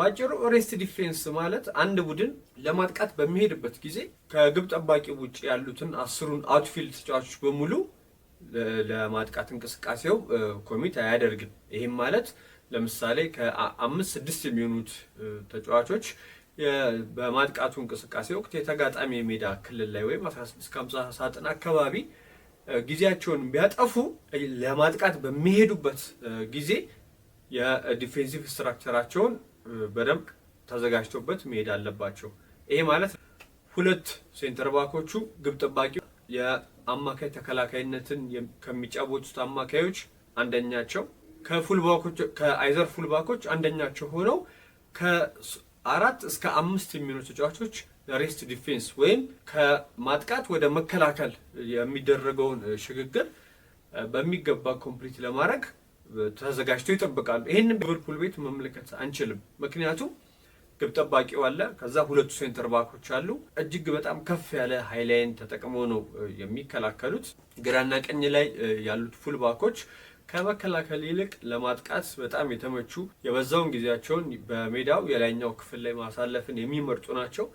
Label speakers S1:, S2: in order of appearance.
S1: በአጭሩ ሬስት ዲፌንስ ማለት አንድ ቡድን ለማጥቃት በሚሄድበት ጊዜ ከግብ ጠባቂ ውጭ ያሉትን አስሩን አውትፊልድ ተጫዋቾች በሙሉ ለማጥቃት እንቅስቃሴው ኮሚት አያደርግም። ይህም ማለት ለምሳሌ ከአምስት ስድስት የሚሆኑት ተጫዋቾች በማጥቃቱ እንቅስቃሴ ወቅት የተጋጣሚ የሜዳ ክልል ላይ ወይም 1650 ሳጥን አካባቢ ጊዜያቸውን ቢያጠፉ ለማጥቃት በሚሄዱበት ጊዜ የዲፌንሲቭ ስትራክቸራቸውን በደንብ ተዘጋጅቶበት መሄድ አለባቸው። ይሄ ማለት ሁለት ሴንተር ባኮቹ ግብ ጥባቂ የአማካይ ተከላካይነትን ከሚጫወቱት አማካዮች አንደኛቸው ከአይዘር ፉል ባኮች አንደኛቸው ሆነው ከአራት እስከ አምስት የሚሆኑ ተጫዋቾች ሬስት ዲፌንስ ወይም ከማጥቃት ወደ መከላከል የሚደረገውን ሽግግር በሚገባ ኮምፕሊት ለማድረግ ተዘጋጅቶ ይጠብቃሉ። ይህን ሊቨርፑል ቤት መመልከት አንችልም። ምክንያቱም ግብ ጠባቂው አለ፣ ከዛ ሁለቱ ሴንተር ባኮች አሉ። እጅግ በጣም ከፍ ያለ ሀይላይን ተጠቅመው ነው የሚከላከሉት። ግራና ቀኝ ላይ ያሉት ፉል ባኮች ከመከላከል ይልቅ ለማጥቃት በጣም የተመቹ የበዛውን ጊዜያቸውን በሜዳው የላይኛው ክፍል ላይ ማሳለፍን የሚመርጡ ናቸው።